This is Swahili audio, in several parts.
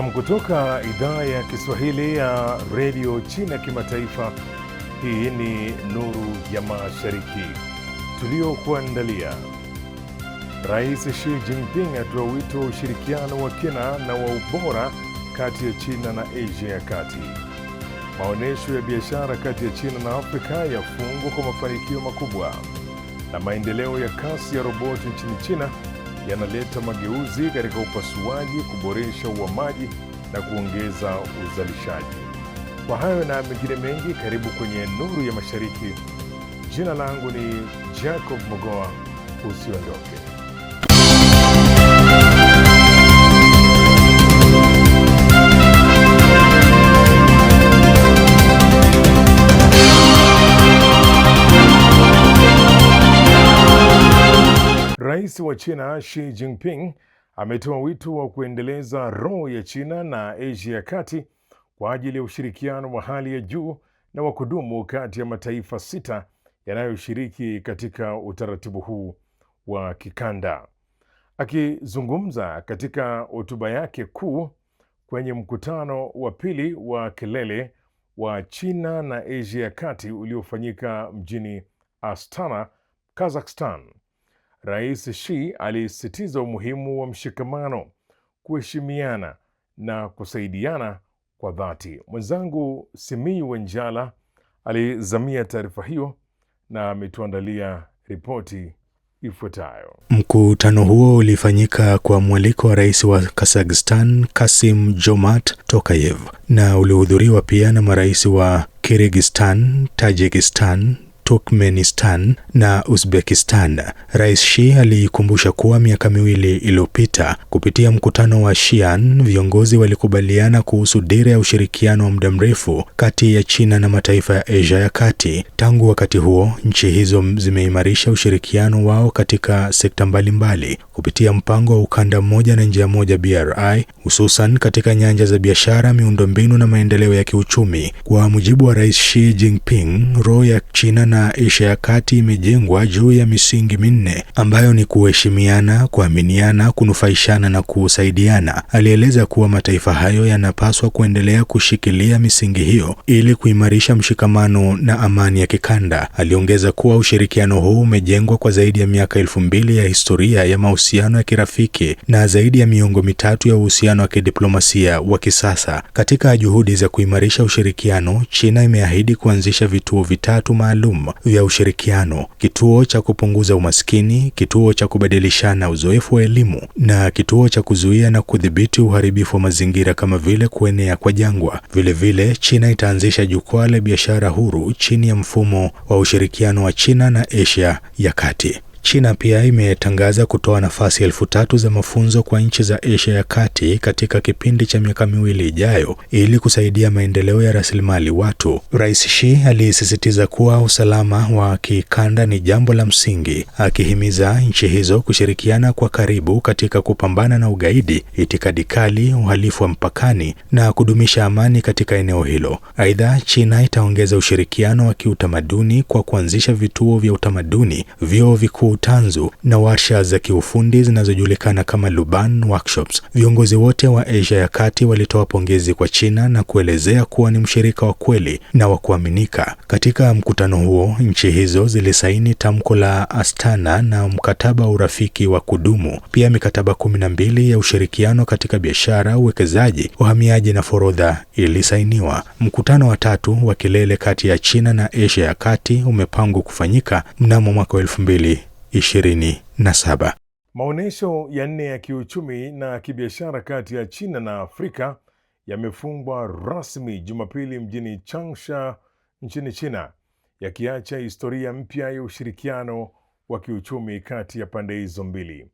Nam kutoka idhaa ya Kiswahili ya redio China Kimataifa. Hii ni Nuru ya Mashariki tuliokuandalia. Rais Xi Jinping atoa wito wa ushirikiano wa kina na wa ubora kati ya China na Asia ya Kati. Maonyesho ya biashara kati ya China na Afrika yafungwa kwa mafanikio makubwa, na maendeleo ya kasi ya roboti nchini China yanaleta mageuzi katika upasuaji, kuboresha uhamaji na kuongeza uzalishaji. Kwa hayo na mengine mengi, karibu kwenye Nuru ya Mashariki. Jina langu ni Jacob Mogoa, usiondoke. Rais wa China Xi Jinping ametoa wito wa kuendeleza roho ya China na Asia ya Kati kwa ajili ya ushirikiano wa hali ya juu na wa kudumu kati ya mataifa sita yanayoshiriki katika utaratibu huu wa kikanda. Akizungumza katika hotuba yake kuu kwenye mkutano wa pili wa kilele wa China na Asia ya Kati uliofanyika mjini Astana, Kazakhstan, Rais Xi alisisitiza umuhimu wa mshikamano, kuheshimiana na kusaidiana kwa dhati. Mwenzangu Simiyu Wenjala alizamia taarifa hiyo na ametuandalia ripoti ifuatayo. Mkutano huo ulifanyika kwa mwaliko wa rais wa Kazakhstan Kasim Jomart Tokayev na ulihudhuriwa pia na marais wa Kyrgyzstan, Tajikistan Turkmenistan na Uzbekistan. Rais Xi aliikumbusha kuwa miaka miwili iliyopita, kupitia mkutano wa Xi'an, viongozi walikubaliana kuhusu dira ya ushirikiano wa muda mrefu kati ya China na mataifa ya Asia ya Kati. Tangu wakati huo, nchi hizo zimeimarisha ushirikiano wao katika sekta mbalimbali mbali, kupitia mpango wa ukanda mmoja na njia moja BRI, hususan katika nyanja za biashara, miundombinu na maendeleo ya kiuchumi. Kwa mujibu wa Rais Xi Jinping, roho ya China na ya Asia ya Kati imejengwa juu ya misingi minne ambayo ni kuheshimiana, kuaminiana, kunufaishana na kusaidiana. Alieleza kuwa mataifa hayo yanapaswa kuendelea kushikilia misingi hiyo ili kuimarisha mshikamano na amani ya kikanda. Aliongeza kuwa ushirikiano huu umejengwa kwa zaidi ya miaka elfu mbili ya historia ya mahusiano ya kirafiki na zaidi ya miongo mitatu ya uhusiano wa kidiplomasia wa kisasa. Katika juhudi za kuimarisha ushirikiano, China imeahidi kuanzisha vituo vitatu maalum vya ushirikiano, kituo cha kupunguza umaskini, kituo cha kubadilishana uzoefu wa elimu na kituo cha kuzuia na kudhibiti uharibifu wa mazingira kama vile kuenea kwa jangwa. Vilevile vile, China itaanzisha jukwaa la biashara huru chini ya mfumo wa ushirikiano wa China na Asia ya Kati. China pia imetangaza kutoa nafasi elfu tatu za mafunzo kwa nchi za Asia ya Kati katika kipindi cha miaka miwili ijayo ili kusaidia maendeleo ya rasilimali watu. Rais Xi alisisitiza kuwa usalama wa kikanda ni jambo la msingi, akihimiza nchi hizo kushirikiana kwa karibu katika kupambana na ugaidi, itikadi kali, uhalifu wa mpakani na kudumisha amani katika eneo hilo. Aidha, China itaongeza ushirikiano wa kiutamaduni kwa kuanzisha vituo vya utamaduni, vyuo vikuu utanzu na warsha za kiufundi zinazojulikana kama Luban Workshops. Viongozi wote wa Asia ya Kati walitoa pongezi kwa China na kuelezea kuwa ni mshirika wa kweli na wa kuaminika. Katika mkutano huo, nchi hizo zilisaini tamko la Astana na mkataba wa urafiki wa kudumu, pia mikataba kumi na mbili ya ushirikiano katika biashara, uwekezaji, uhamiaji na forodha ilisainiwa. Mkutano wa tatu wa kilele kati ya China na Asia ya Kati umepangwa kufanyika mnamo mwaka elfu mbili 2027. Maonyesho ya nne ya kiuchumi na kibiashara kati ya China na Afrika yamefungwa rasmi Jumapili mjini Changsha nchini China, yakiacha historia mpya ya ushirikiano wa kiuchumi kati ya pande hizo mbili.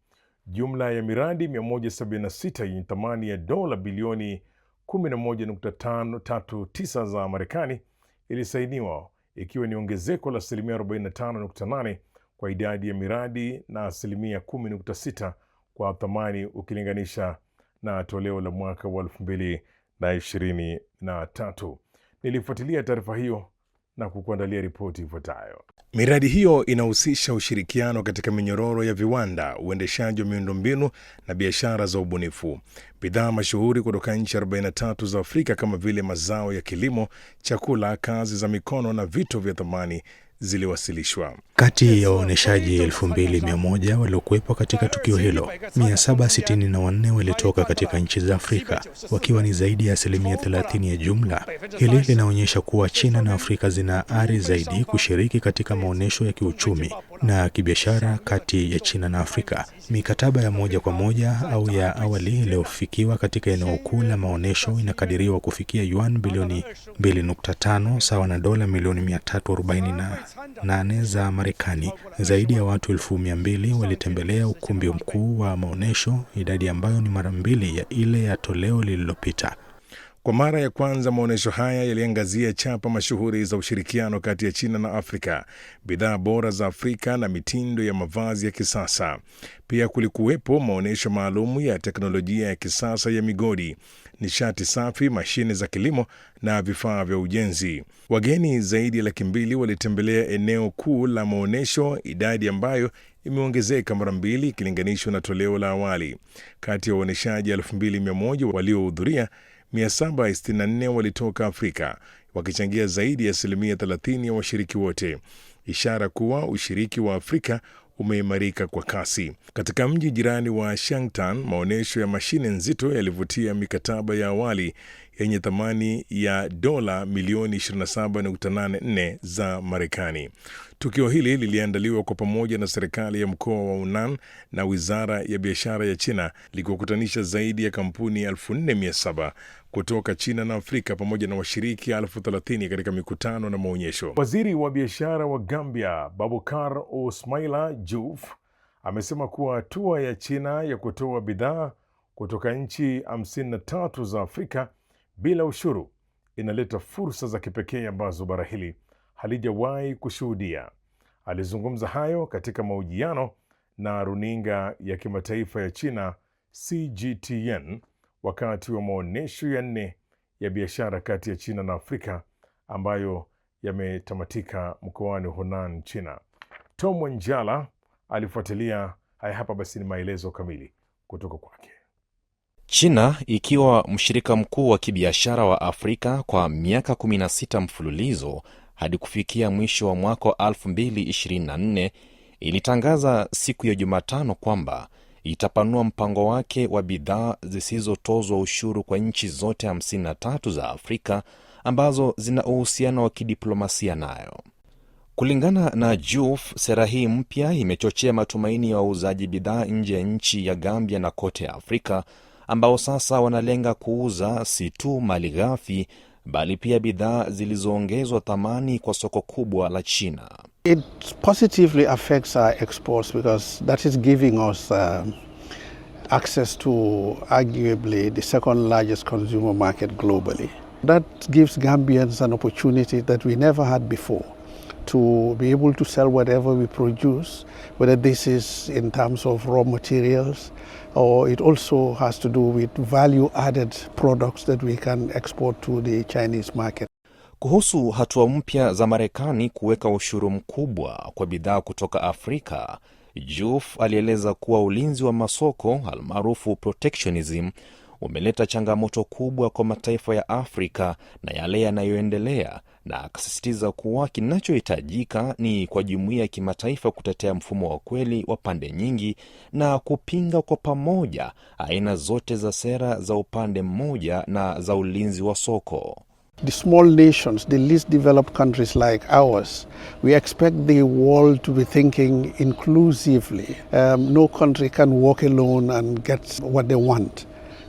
Jumla ya miradi 176 yenye thamani ya dola bilioni 11.539 za Marekani ilisainiwa ikiwa ni ongezeko la asilimia 45.8 kwa idadi ya miradi na asilimia 10.6 kwa thamani ukilinganisha na toleo la mwaka wa tatu. Nilifuatilia taarifa hiyo na kukuandalia ripoti ifuatayo. Miradi hiyo inahusisha ushirikiano katika minyororo ya viwanda, uendeshaji wa miundombinu na biashara za ubunifu. Bidhaa mashuhuri kutoka nchi 43 za Afrika kama vile mazao ya kilimo, chakula, kazi za mikono na vito vya thamani ziliwasilishwa. Kati ya waonyeshaji 2100 waliokuwepo katika tukio hilo, 764 walitoka katika nchi za Afrika, wakiwa ni zaidi ya asilimia 30 ya jumla. Hili linaonyesha kuwa China na Afrika zina ari zaidi kushiriki katika maonyesho ya kiuchumi na kibiashara kati ya China na Afrika. Mikataba ya moja kwa moja au ya awali iliyofikiwa katika eneo kuu la maonyesho inakadiriwa kufikia yuan bilioni 2.5 sawa na dola milioni 340 na nane za Marekani. Zaidi ya watu elfu mia mbili walitembelea ukumbi mkuu wa maonyesho, idadi ambayo ni mara mbili ya ile ya toleo lililopita. Kwa mara ya kwanza maonyesho haya yaliangazia chapa mashuhuri za ushirikiano kati ya China na Afrika, bidhaa bora za Afrika na mitindo ya mavazi ya kisasa. Pia kulikuwepo maonyesho maalum ya teknolojia ya kisasa ya migodi nishati safi, mashine za kilimo na vifaa vya ujenzi. Wageni zaidi ya laki mbili walitembelea eneo kuu la maonyesho, idadi ambayo imeongezeka mara mbili ikilinganishwa na toleo la awali. Kati ya waonyeshaji 2100 waliohudhuria, 764 walitoka Afrika, wakichangia zaidi ya asilimia 30 ya washiriki wote, ishara kuwa ushiriki wa Afrika umeimarika kwa kasi. Katika mji jirani wa Shangtan, maonyesho ya mashine nzito yalivutia mikataba ya awali yenye thamani ya dola milioni 27.84 za Marekani. Tukio hili liliandaliwa kwa pamoja na serikali ya mkoa wa Unan na wizara ya biashara ya China, likiwakutanisha zaidi ya kampuni 4700 kutoka China na Afrika pamoja na washiriki 30 katika mikutano na maonyesho. Waziri wa biashara wa Gambia Babukar Usmaila Juf amesema kuwa hatua ya China ya kutoa bidhaa kutoka nchi 53 za Afrika bila ushuru inaleta fursa za kipekee ambazo bara hili halijawahi kushuhudia. Alizungumza hayo katika mahojiano na runinga ya kimataifa ya China CGTN wakati wa maonyesho ya nne ya biashara kati ya China na Afrika ambayo yametamatika mkoani Hunan, China. Tom Wanjala alifuatilia haya. Hapa basi ni maelezo kamili kutoka kwake. China ikiwa mshirika mkuu wa kibiashara wa Afrika kwa miaka 16 mfululizo hadi kufikia mwisho wa mwaka 224 ilitangaza siku ya Jumatano kwamba itapanua mpango wake wa bidhaa zisizotozwa ushuru kwa nchi zote 53 za Afrika ambazo zina uhusiano wa kidiplomasia nayo. Kulingana na Juf, sera hii mpya imechochea matumaini ya wauzaji bidhaa nje ya nchi ya Gambia na kote Afrika ambao sasa wanalenga kuuza si tu mali ghafi bali pia bidhaa zilizoongezwa thamani kwa soko kubwa la China. It positively affects our exports because that is giving us uh, access to arguably the second largest consumer market globally. That gives Gambians an opportunity that we never had before to be able to sell whatever we produce, whether this is in terms of raw materials, or it also has to do with value added products that we can export to the Chinese market. Kuhusu hatua mpya za Marekani kuweka ushuru mkubwa kwa bidhaa kutoka Afrika, Juf alieleza kuwa ulinzi wa masoko almaarufu protectionism umeleta changamoto kubwa kwa mataifa ya Afrika na yale yanayoendelea na akasisitiza kuwa kinachohitajika ni kwa jumuiya ya kimataifa kutetea mfumo wa kweli wa pande nyingi na kupinga kwa pamoja aina zote za sera za upande mmoja na za ulinzi wa soko. The small nations, the least developed countries like ours, we expect the world to be thinking inclusively. Um, no country can walk alone and get what they want.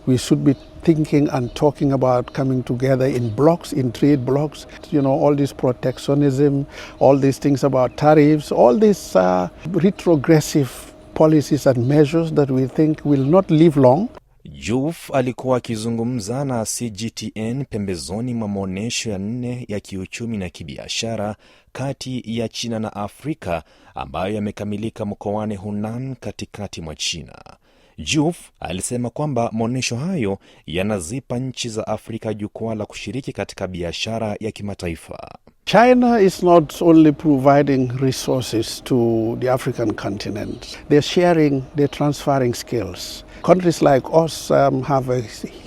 We should be thinking and talking about coming together in blocks, in trade blocks. You know, all this protectionism, all these things about tariffs, all these uh, retrogressive policies and measures that we think will not live long. Juf alikuwa akizungumza na CGTN pembezoni mwa maonyesho ya nne ya kiuchumi na kibiashara kati ya China na Afrika ambayo yamekamilika mkoani Hunan katikati mwa China. Juf alisema kwamba maonyesho hayo yanazipa nchi za Afrika jukwaa la kushiriki katika biashara ya kimataifa. China is not only providing resources to the African continent. theyare sharing, they're transferring skills. Countries like us um, have a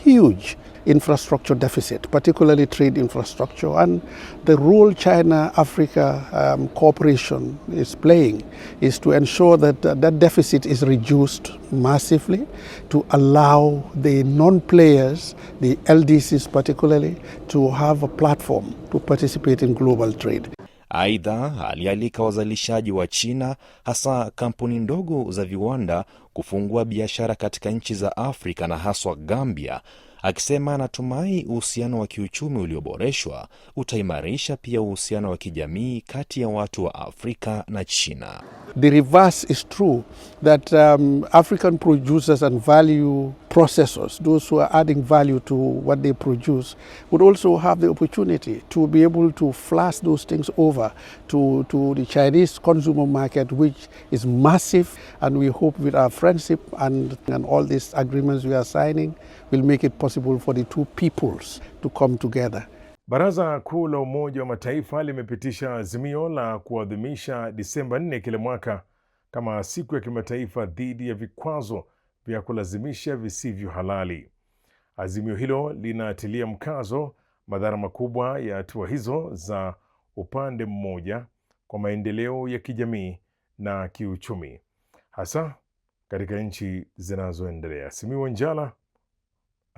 huge infrastructure deficit, particularly trade infrastructure, and the role China-Africa um, cooperation is playing is to ensure that uh, that deficit is reduced massively to allow the non-players, the LDCs particularly, to have a platform to participate in global trade. Aidha, alialika wazalishaji wa China hasa kampuni ndogo za viwanda kufungua biashara katika nchi za Afrika na haswa Gambia akisema anatumai uhusiano wa kiuchumi ulioboreshwa utaimarisha pia uhusiano wa kijamii kati ya watu wa Afrika na China. The reverse is true that um, African producers and value processors, those who are adding value to what they produce, would also have the opportunity to be able to flash those things over to, to the Chinese consumer market, which is massive. And we hope with our friendship and, and all these agreements we are signing will make it possible for the two peoples to come together. Baraza Kuu la Umoja wa Mataifa limepitisha azimio la kuadhimisha Disemba 4 kila mwaka kama siku ya kimataifa dhidi ya vikwazo vya kulazimisha visivyo halali. Azimio hilo linatilia mkazo madhara makubwa ya hatua hizo za upande mmoja kwa maendeleo ya kijamii na kiuchumi, hasa katika nchi zinazoendelea. Simiyu Njala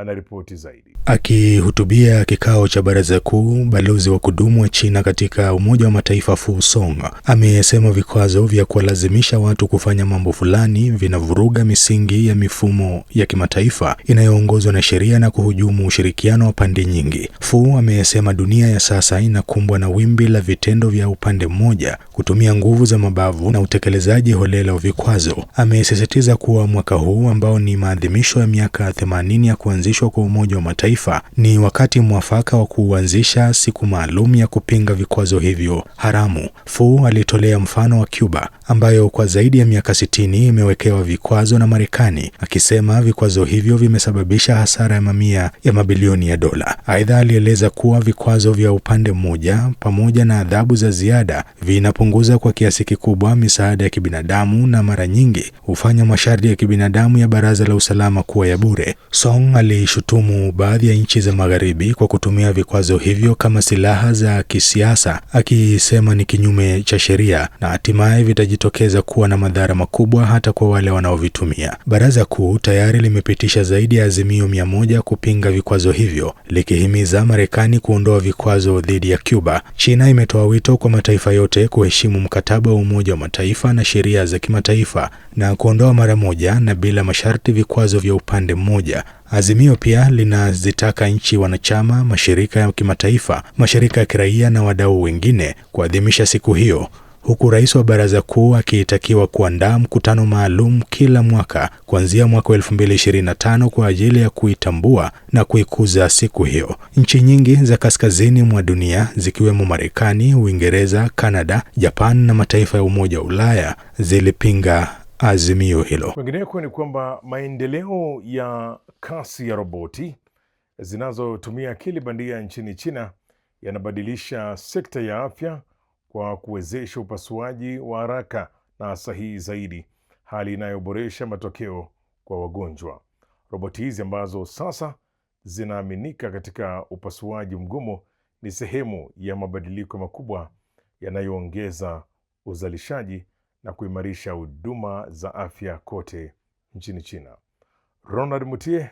anaripoti zaidi. Akihutubia kikao cha baraza kuu, balozi wa kudumu wa China katika Umoja wa Mataifa Fu Song amesema vikwazo vya kuwalazimisha watu kufanya mambo fulani vinavuruga misingi ya mifumo ya kimataifa inayoongozwa na sheria na kuhujumu ushirikiano wa pande nyingi. Fu amesema dunia ya sasa inakumbwa na wimbi la vitendo vya upande mmoja, kutumia nguvu za mabavu na utekelezaji holela wa vikwazo. Amesisitiza kuwa mwaka huu ambao ni maadhimisho ya miaka 80 ya kuanzisha kuanzishwa kwa Umoja wa Mataifa ni wakati mwafaka wa kuuanzisha siku maalum ya kupinga vikwazo hivyo haramu. Fu alitolea mfano wa Cuba ambayo kwa zaidi ya miaka 60 imewekewa vikwazo na Marekani, akisema vikwazo hivyo vimesababisha hasara ya mamia ya mabilioni ya dola. Aidha, alieleza kuwa vikwazo vya upande mmoja pamoja na adhabu za ziada vinapunguza kwa kiasi kikubwa misaada ya kibinadamu na mara nyingi hufanya masharti ya kibinadamu ya Baraza la Usalama kuwa ya bure. Song alishutumu baadhi ya nchi za Magharibi kwa kutumia vikwazo hivyo kama silaha za kisiasa, akisema ni kinyume cha sheria na hatimaye vitajitokeza kuwa na madhara makubwa hata kwa wale wanaovitumia. Baraza Kuu tayari limepitisha zaidi ya azimio mia moja kupinga vikwazo hivyo, likihimiza Marekani kuondoa vikwazo dhidi ya Cuba. China imetoa wito kwa mataifa yote kuheshimu mkataba wa Umoja wa Mataifa na sheria za kimataifa na kuondoa mara moja na bila masharti vikwazo vya upande mmoja Azimio pia linazitaka nchi wanachama, mashirika ya kimataifa, mashirika ya kiraia na wadau wengine kuadhimisha siku hiyo huku rais wa baraza kuu akitakiwa kuandaa mkutano maalum kila mwaka kuanzia mwaka 2025 kwa ajili ya kuitambua na kuikuza siku hiyo. Nchi nyingi za kaskazini mwa dunia zikiwemo Marekani, Uingereza, Kanada, Japan na mataifa ya Umoja wa Ulaya zilipinga azimio hilo. Kwingineko ni kwamba maendeleo ya kasi ya roboti zinazotumia akili bandia nchini China yanabadilisha sekta ya afya kwa kuwezesha upasuaji wa haraka na sahihi zaidi, hali inayoboresha matokeo kwa wagonjwa. Roboti hizi ambazo sasa zinaaminika katika upasuaji mgumu ni sehemu ya mabadiliko makubwa yanayoongeza uzalishaji na kuimarisha huduma za afya kote nchini China. Ronald Mutie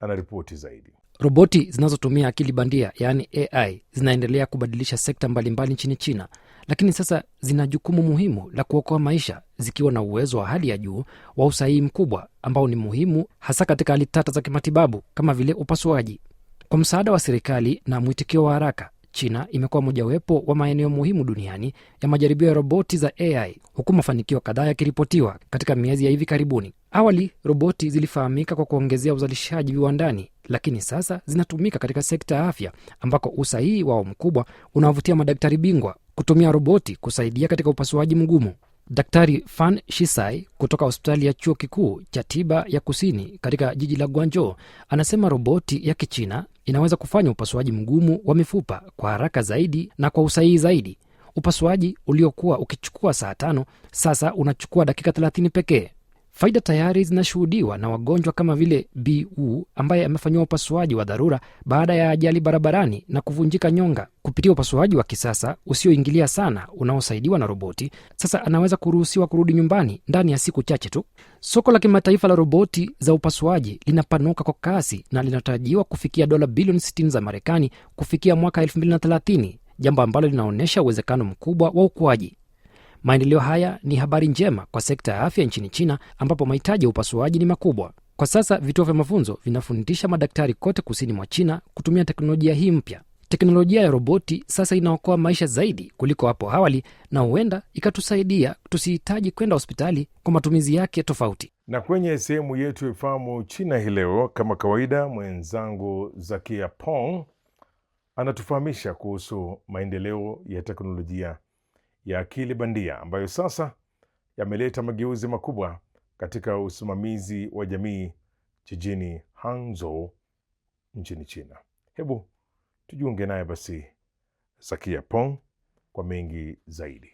anaripoti zaidi. Roboti zinazotumia akili bandia yaani AI zinaendelea kubadilisha sekta mbalimbali nchini China, lakini sasa zina jukumu muhimu la kuokoa maisha, zikiwa na uwezo wa hali ya juu wa usahihi mkubwa ambao ni muhimu hasa katika hali tata za kimatibabu kama vile upasuaji. Kwa msaada wa serikali na mwitikio wa haraka, China imekuwa mojawepo wa maeneo muhimu duniani ya majaribio ya roboti za AI, huku mafanikio kadhaa yakiripotiwa katika miezi ya hivi karibuni. Awali roboti zilifahamika kwa kuongezea uzalishaji viwandani, lakini sasa zinatumika katika sekta ya afya, ambako usahihi wao mkubwa unawavutia madaktari bingwa kutumia roboti kusaidia katika upasuaji mgumu. Daktari Fan Shisai kutoka hospitali ya chuo kikuu cha tiba ya kusini katika jiji la guanjo anasema roboti ya Kichina inaweza kufanya upasuaji mgumu wa mifupa kwa haraka zaidi na kwa usahihi zaidi. Upasuaji uliokuwa ukichukua saa tano sasa unachukua dakika 30 pekee. Faida tayari zinashuhudiwa na wagonjwa kama vile Bu ambaye amefanyiwa upasuaji wa dharura baada ya ajali barabarani na kuvunjika nyonga. Kupitia upasuaji wa kisasa usioingilia sana unaosaidiwa na roboti, sasa anaweza kuruhusiwa kurudi nyumbani ndani ya siku chache tu. Soko la kimataifa la roboti za upasuaji linapanuka kwa kasi na linatarajiwa kufikia dola bilioni 60 za Marekani kufikia mwaka 230 jambo ambalo linaonyesha uwezekano mkubwa wa ukuaji. Maendeleo haya ni habari njema kwa sekta ya afya nchini China, ambapo mahitaji ya upasuaji ni makubwa. Kwa sasa vituo vya mafunzo vinafundisha madaktari kote kusini mwa China kutumia teknolojia hii mpya. Teknolojia ya roboti sasa inaokoa maisha zaidi kuliko hapo awali, na huenda ikatusaidia tusihitaji kwenda hospitali kwa matumizi yake tofauti. Na kwenye sehemu yetu ifahamu China hii leo, kama kawaida, mwenzangu Zakia Pong anatufahamisha kuhusu maendeleo ya teknolojia ya akili bandia ambayo sasa yameleta mageuzi makubwa katika usimamizi wa jamii jijini Hangzhou nchini China. Hebu tujiunge naye basi Zakia Pong kwa mengi zaidi.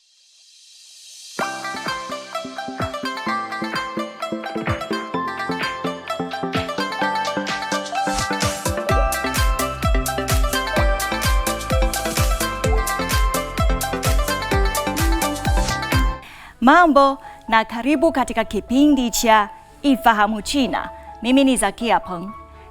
Mambo na karibu katika kipindi cha Ifahamu China. Mimi ni Zakia Peng.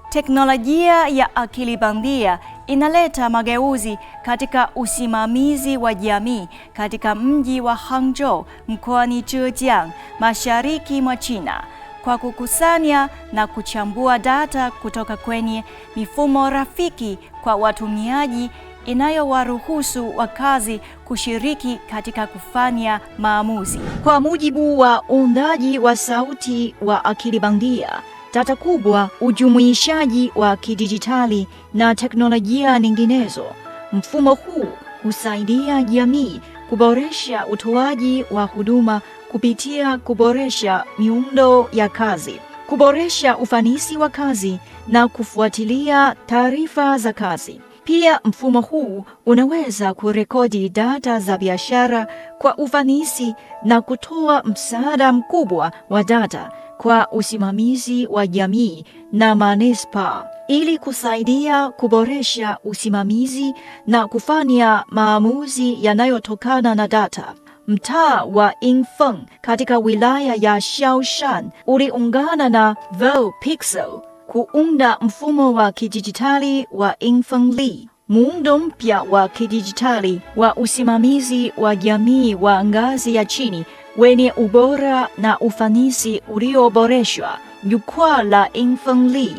Teknolojia ya akili bandia inaleta mageuzi katika usimamizi wa jamii katika mji wa Hangzhou mkoani Zhejiang, mashariki mwa China kwa kukusanya na kuchambua data kutoka kwenye mifumo rafiki kwa watumiaji inayowaruhusu wakazi kushiriki katika kufanya maamuzi. Kwa mujibu wa uundaji wa sauti wa akili bandia, data kubwa, ujumuishaji wa kidijitali na teknolojia nyinginezo, mfumo huu husaidia jamii kuboresha utoaji wa huduma kupitia kuboresha miundo ya kazi, kuboresha ufanisi wa kazi na kufuatilia taarifa za kazi. Pia mfumo huu unaweza kurekodi data za biashara kwa ufanisi na kutoa msaada mkubwa wa data kwa usimamizi wa jamii na manispa ili kusaidia kuboresha usimamizi na kufanya maamuzi yanayotokana na data. Mtaa wa Yingfeng katika wilaya ya Xiaoshan uliungana na Voupixel kuunda mfumo wa kidijitali wa Infangli, muundo mpya wa kidijitali wa usimamizi wa jamii wa ngazi ya chini wenye ubora na ufanisi ulioboreshwa. Jukwaa la Infangli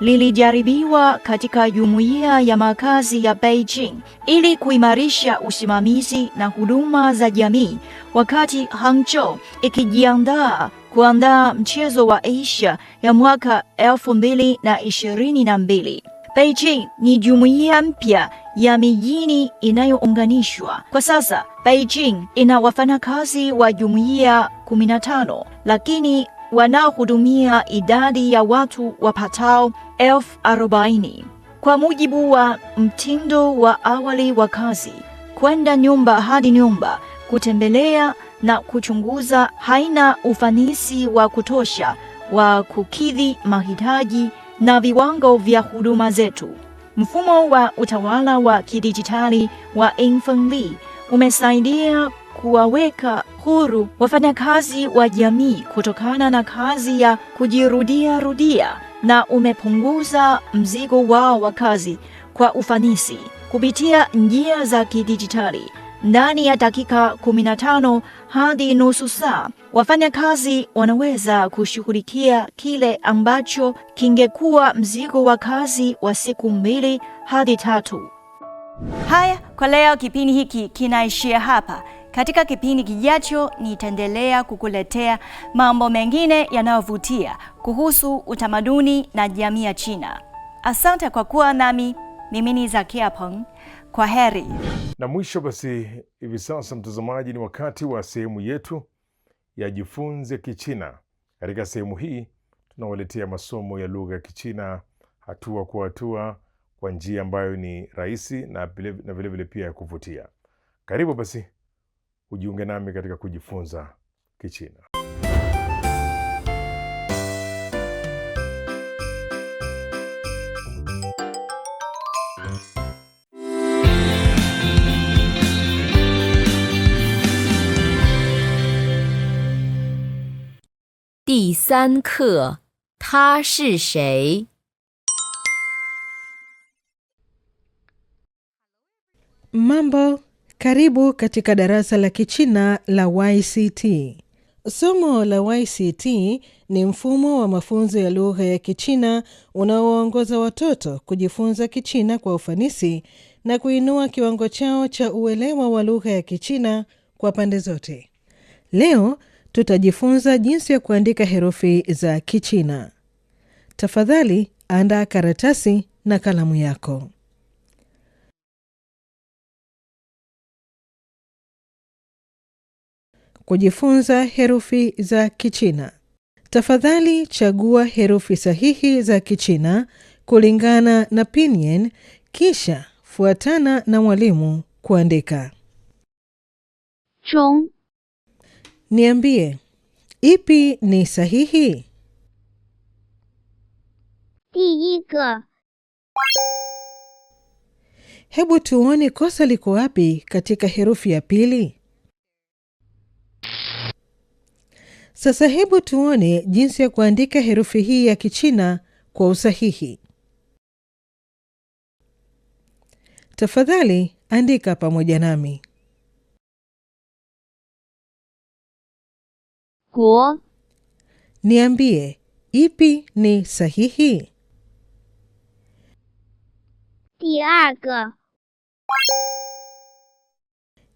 lilijaribiwa katika jumuiya ya makazi ya Beijing ili kuimarisha usimamizi na huduma za jamii, wakati Hangzhou ikijiandaa kuandaa mchezo wa Asia ya mwaka elfu mbili na ishirini na mbili. Beijing ni jumuiya mpya ya mijini inayounganishwa. Kwa sasa Beijing ina wafanyakazi wa jumuiya 15 lakini wanaohudumia idadi ya watu wapatao elfu arobaini. Kwa mujibu wa mtindo wa awali wa kazi, kwenda nyumba hadi nyumba, kutembelea na kuchunguza haina ufanisi wa kutosha wa kukidhi mahitaji na viwango vya huduma zetu. Mfumo wa utawala wa kidijitali wa Infomli umesaidia kuwaweka huru wafanyakazi wa jamii kutokana na kazi ya kujirudia rudia na umepunguza mzigo wao wa kazi kwa ufanisi kupitia njia za kidijitali ndani ya dakika 15 hadi nusu saa. Wafanyakazi wanaweza kushughulikia kile ambacho kingekuwa mzigo wa kazi wa siku mbili hadi tatu. Haya, kwa leo kipindi hiki kinaishia hapa. Katika kipindi kijacho nitaendelea kukuletea mambo mengine yanayovutia kuhusu utamaduni na jamii ya China. Asante kwa kuwa nami. Mimi ni Zakia Peng. Kwa heri. Na mwisho basi, hivi sasa mtazamaji, ni wakati wa sehemu yetu ya jifunze Kichina. Katika sehemu hii tunawaletea masomo ya lugha ya Kichina hatua kwa hatua kwa njia ambayo ni rahisi na vilevile vile pia ya kuvutia. Karibu basi ujiunge nami katika kujifunza Kichina. 第三课，他是谁？Mambo, karibu katika darasa la Kichina la YCT. Somo la YCT ni mfumo wa mafunzo ya lugha ya Kichina unaowaongoza watoto kujifunza Kichina kwa ufanisi na kuinua kiwango chao cha uelewa wa lugha ya Kichina kwa pande zote. Leo tutajifunza jinsi ya kuandika herufi za Kichina. Tafadhali andaa karatasi na kalamu yako. Kujifunza herufi za Kichina. Tafadhali chagua herufi sahihi za Kichina kulingana na Pinyin, kisha fuatana na mwalimu kuandika Chong. Niambie, ipi ni sahihi? hebu tuone kosa liko wapi katika herufi ya pili. Sasa hebu tuone jinsi ya kuandika herufi hii ya Kichina kwa usahihi. Tafadhali andika pamoja nami. 国。Niambie, ipi ni sahihi? 第二个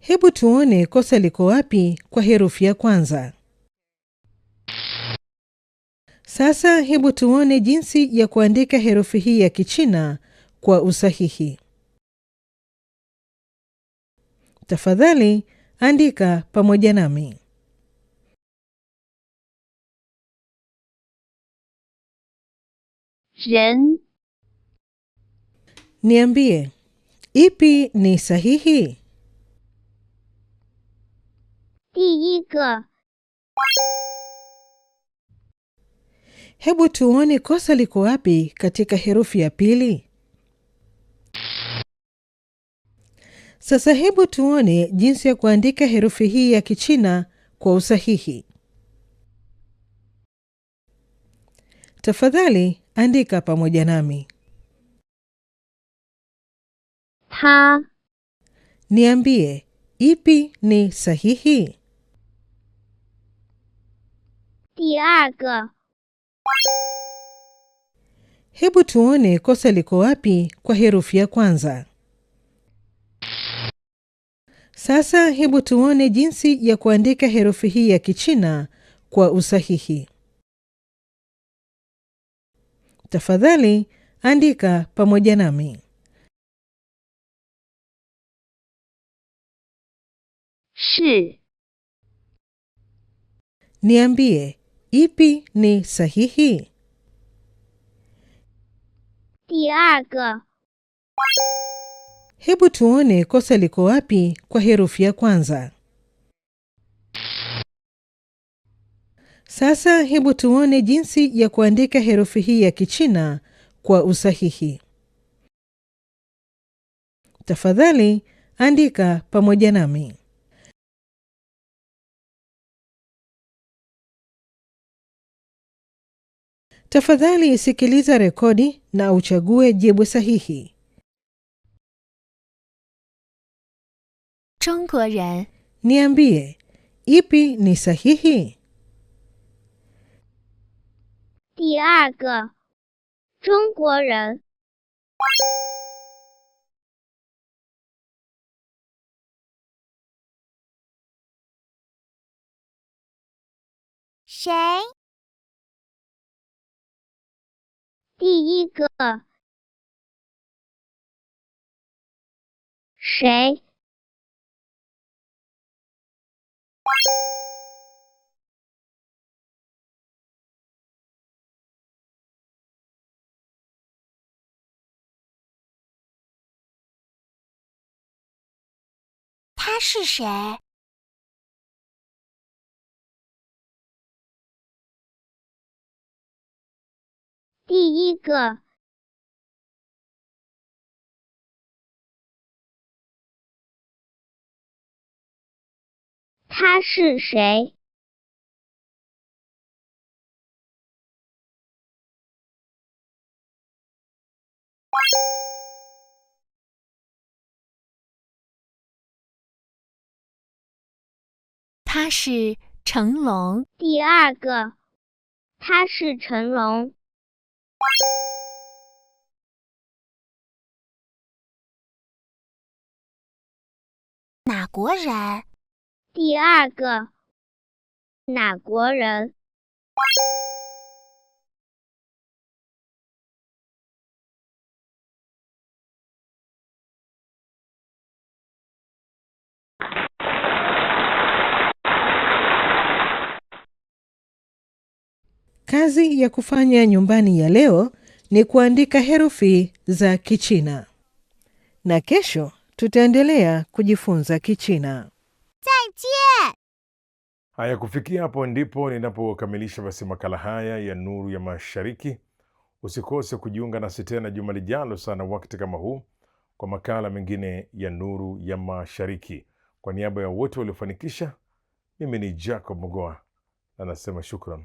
，Hebu tuone kosa liko wapi kwa herufi ya kwanza. Sasa hebu tuone jinsi ya kuandika herufi hii ya Kichina kwa usahihi. Tafadhali andika pamoja nami. 人。Niambie, ipi ni sahihi? hebu tuone kosa liko wapi katika herufi ya pili. Sasa hebu tuone jinsi ya kuandika herufi hii ya Kichina kwa usahihi. Tafadhali Andika pamoja nami. Ta. Niambie, ipi ni sahihi? Hebu tuone kosa liko wapi kwa herufi ya kwanza. Sasa hebu tuone jinsi ya kuandika herufi hii ya Kichina kwa usahihi. Tafadhali andika pamoja nami. Shi. Niambie, ipi ni sahihi? Diaga. Hebu tuone kosa liko wapi kwa herufi ya kwanza. Sasa hebu tuone jinsi ya kuandika herufi hii ya Kichina kwa usahihi. Tafadhali andika pamoja nami. Tafadhali isikiliza rekodi na uchague jibu sahihi. Zhongguoren. Niambie, ipi ni sahihi? 第二个中国人，谁？第一个谁？他是谁？第一个，他是谁？他是成龙。第二个，他是成龙。哪国人？第二个，哪国人？Kazi ya kufanya nyumbani ya leo ni kuandika herufi za Kichina, na kesho tutaendelea kujifunza Kichina. Haya, kufikia hapo ndipo ninapokamilisha basi makala haya ya Nuru ya Mashariki. Usikose kujiunga nasi tena juma lijalo sana wakati kama huu kwa makala mengine ya Nuru ya Mashariki. Kwa niaba ya wote waliofanikisha, mimi ni Jacob Mogoa na nasema shukran